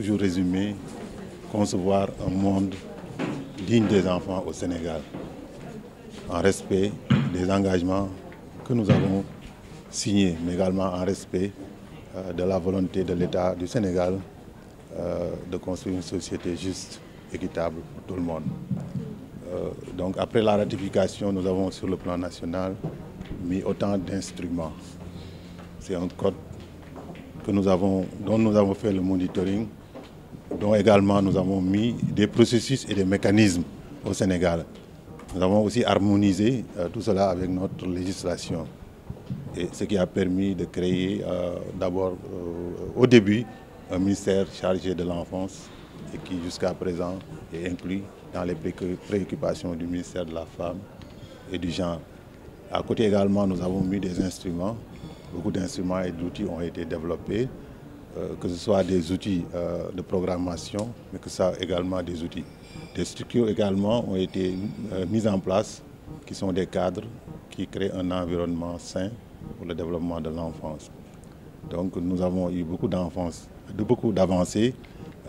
toujours résumé, concevoir un monde digne des enfants au Sénégal, en respect des engagements que nous avons signés, mais également en respect euh, de la volonté de l'État du Sénégal euh, de construire une société juste, équitable pour tout le monde. Euh, donc après la ratification, nous avons sur le plan national mis autant d'instruments. C'est un code que nous avons, dont nous avons fait le monitoring dont également nous avons mis des processus et des mécanismes au Sénégal. Nous avons aussi harmonisé euh, tout cela avec notre législation, et ce qui a permis de créer euh, d'abord euh, au début un ministère chargé de l'enfance et qui jusqu'à présent est inclus dans les préoccupations du ministère de la Femme et du Genre. À côté également, nous avons mis des instruments. Beaucoup d'instruments et d'outils ont été développés euh, que ce soit des outils euh, de programmation, mais que ce soit également des outils. Des structures également ont été euh, mises en place, qui sont des cadres qui créent un environnement sain pour le développement de l'enfance. Donc nous avons eu beaucoup d'avancées.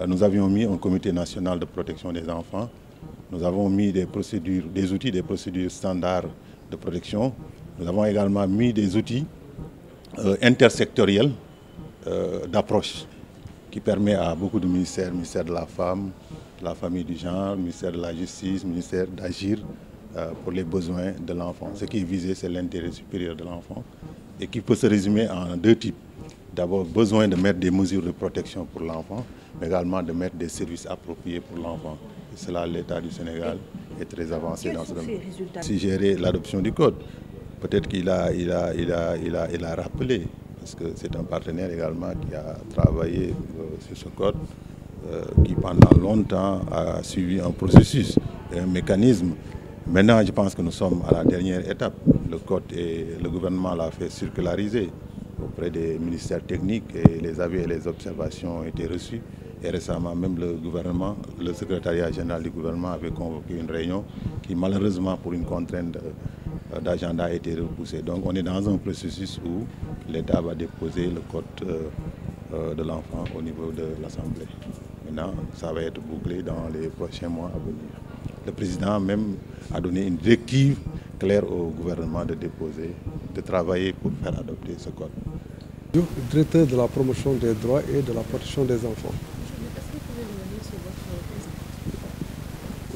Nous avions mis un comité national de protection des enfants. Nous avons mis des outils, des procédures standards de protection. Nous avons également mis des outils intersectoriels euh, d'approche qui permet à beaucoup de ministères, ministère de la femme, de la famille du genre, ministère de la justice, ministère d'agir euh, pour les besoins de l'enfant. Ce qui est visé, c'est l'intérêt supérieur de l'enfant et qui peut se résumer en deux types. D'abord, besoin de mettre des mesures de protection pour l'enfant, mais également de mettre des services appropriés pour l'enfant. Et cela, l'État du Sénégal est très avancé dans ce domaine. Si gérer l'adoption du code, peut-être qu'il a rappelé parce que c'est un partenaire également qui a travaillé euh, sur ce code, euh, qui pendant longtemps a suivi un processus, un mécanisme. Maintenant, je pense que nous sommes à la dernière étape. Le code et le gouvernement l'a fait circulariser auprès des ministères techniques et les avis et les observations ont été reçus. Et récemment, même le gouvernement, le secrétariat général du gouvernement avait convoqué une réunion qui, malheureusement, pour une contrainte euh, euh, d'agenda a été repoussé. Donc on est dans un processus où l'État va déposer le code euh, euh, de l'enfant au niveau de l'Assemblée. Maintenant, ça va être bouclé dans les prochains mois à venir. Le président même a donné une directive claire au gouvernement de déposer, de travailler pour faire adopter ce code. directeur de la promotion des droits et de la protection des enfants.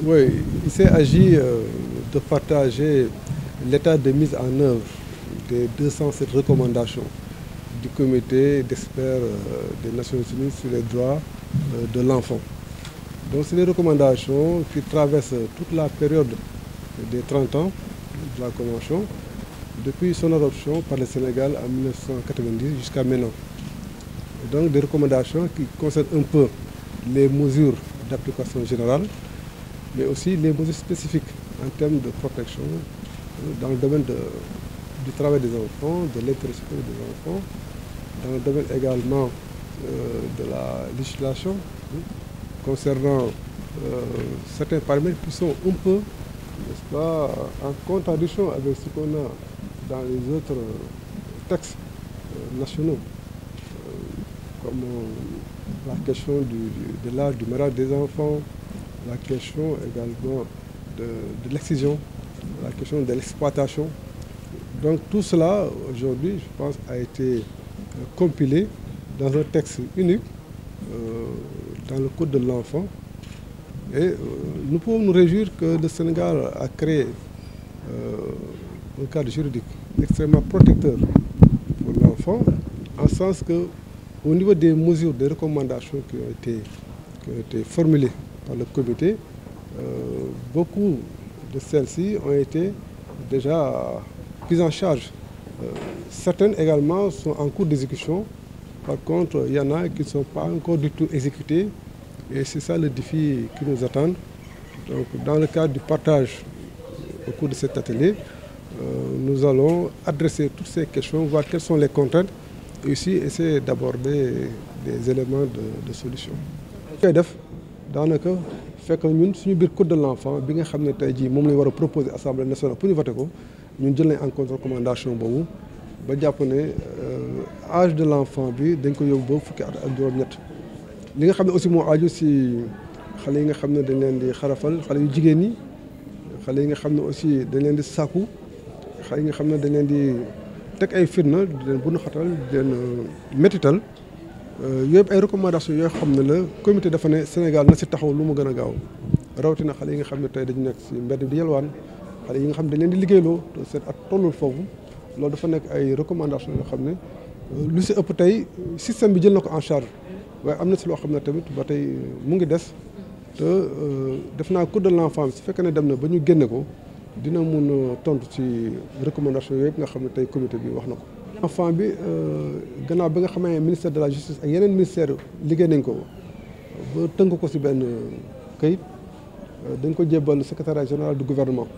Oui, il s'est agi de partager l'état de mise en œuvre des 207 recommandations du comité d'experts euh, des Nations Unies sur les droits euh, de l'enfant. Donc c'est des recommandations qui traversent toute la période des 30 ans de la Convention, depuis son adoption par le Sénégal en 1990 jusqu'à maintenant. donc des recommandations qui concernent un peu les mesures d'application générale, mais aussi les mesures spécifiques en termes de protection euh, dans le domaine du travail des enfants, de l'intersection des enfants, dans le domaine également euh, de la législation concernant euh, certains paramètres qui sont un peu, n'est-ce pas, en contradiction avec ce qu'on a dans les autres textes nationaux, comme la question de l'âge du mariage des enfants, la question également de l'excision la question de l'exploitation. Donc tout cela, aujourd'hui, je pense, a été euh, compilé dans un texte unique, euh, dans le Code de l'enfant. Et euh, nous pouvons nous réjouir que le Sénégal a créé un cadre juridique extrêmement protecteur pour l'enfant, en sens que au niveau des mesures, des recommandations qui ont été, qui ont été formulées par le comité, beaucoup de celles-ci ont été déjà euh, prises en charge. Euh, certaines également sont en cours d'exécution. Par contre, il y en a qui ne sont pas encore du tout exécutées. Et c'est ça le défi qui nous attend. Donc, dans le cadre du partage au cours de cet atelier, euh, nous allons adresser toutes ces questions, voir quelles sont les contraintes et aussi essayer d'aborder des éléments de, de solution. daanaka fekk ñun suñu biir code de l'enfant bi nga xam ne tey jii moom lañ war a proposer assemblée nationale pour ñu voté ko ñun jël nañ en compte recommandation boobu ba jàpp ne âge de l'enfant bi dañ ko yóbbu ba fukki at ak juróom-ñett li nga xam ne aussi moo aju si xale yi nga xam ne dañ leen di xarafal xale yu jigéen ñi xale yi nga xam ne aussi dañ leen di sàkku xale yi nga xam ne dañ leen di teg ay firna di leen bunu xatal di leen métital Euh, yëpp ay recommandations yoo xam ne la comité dafa ne Sénégal na si taxaw lu mu gën a gaaw rawatina xale yi nga xam ne tey dañu nekk si mbedd bi di yalwaan xale yi nga xam ne dañ leen di liggéeyloo te seet ak foofu loolu dafa nekk ay recommandations yoo xam ne euh, lu si ëpp tey système bi jël na ko en charge waaye am na si loo xam ne tamit ba tey mu ngi des te euh, def naa cour de l'enfant su fekkee ne dem na ba ñu génne ko dina mun a tontu ci recommandation yooyu nga xam ne tey comité bi wax na ko. enfant bi euh, gannaaw bi nga xamee ne ministère de la justice ak yeneen ministère liggéey nañ ko ba tënk ko si benn euh, këyit euh, dañ ko jébbal secrétariat général du gouvernement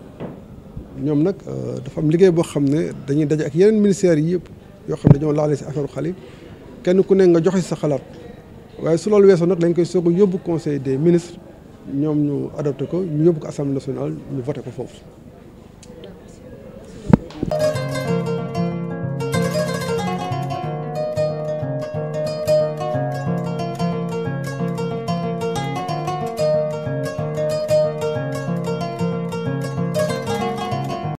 ñoom nag dafa am liggéey boo xam ne dañuy daje ak yeneen ministères yi yëpp yoo xam ne dañoo laale si affaire xale kenn ku ne nga joxe sa xalaat waaye su loolu weesoo nag lañ koy soog a yóbbu conseil des ministres ñoom ñu adopté ko ñu yóbbu ko assemblée nationale ñu voté ko foofu.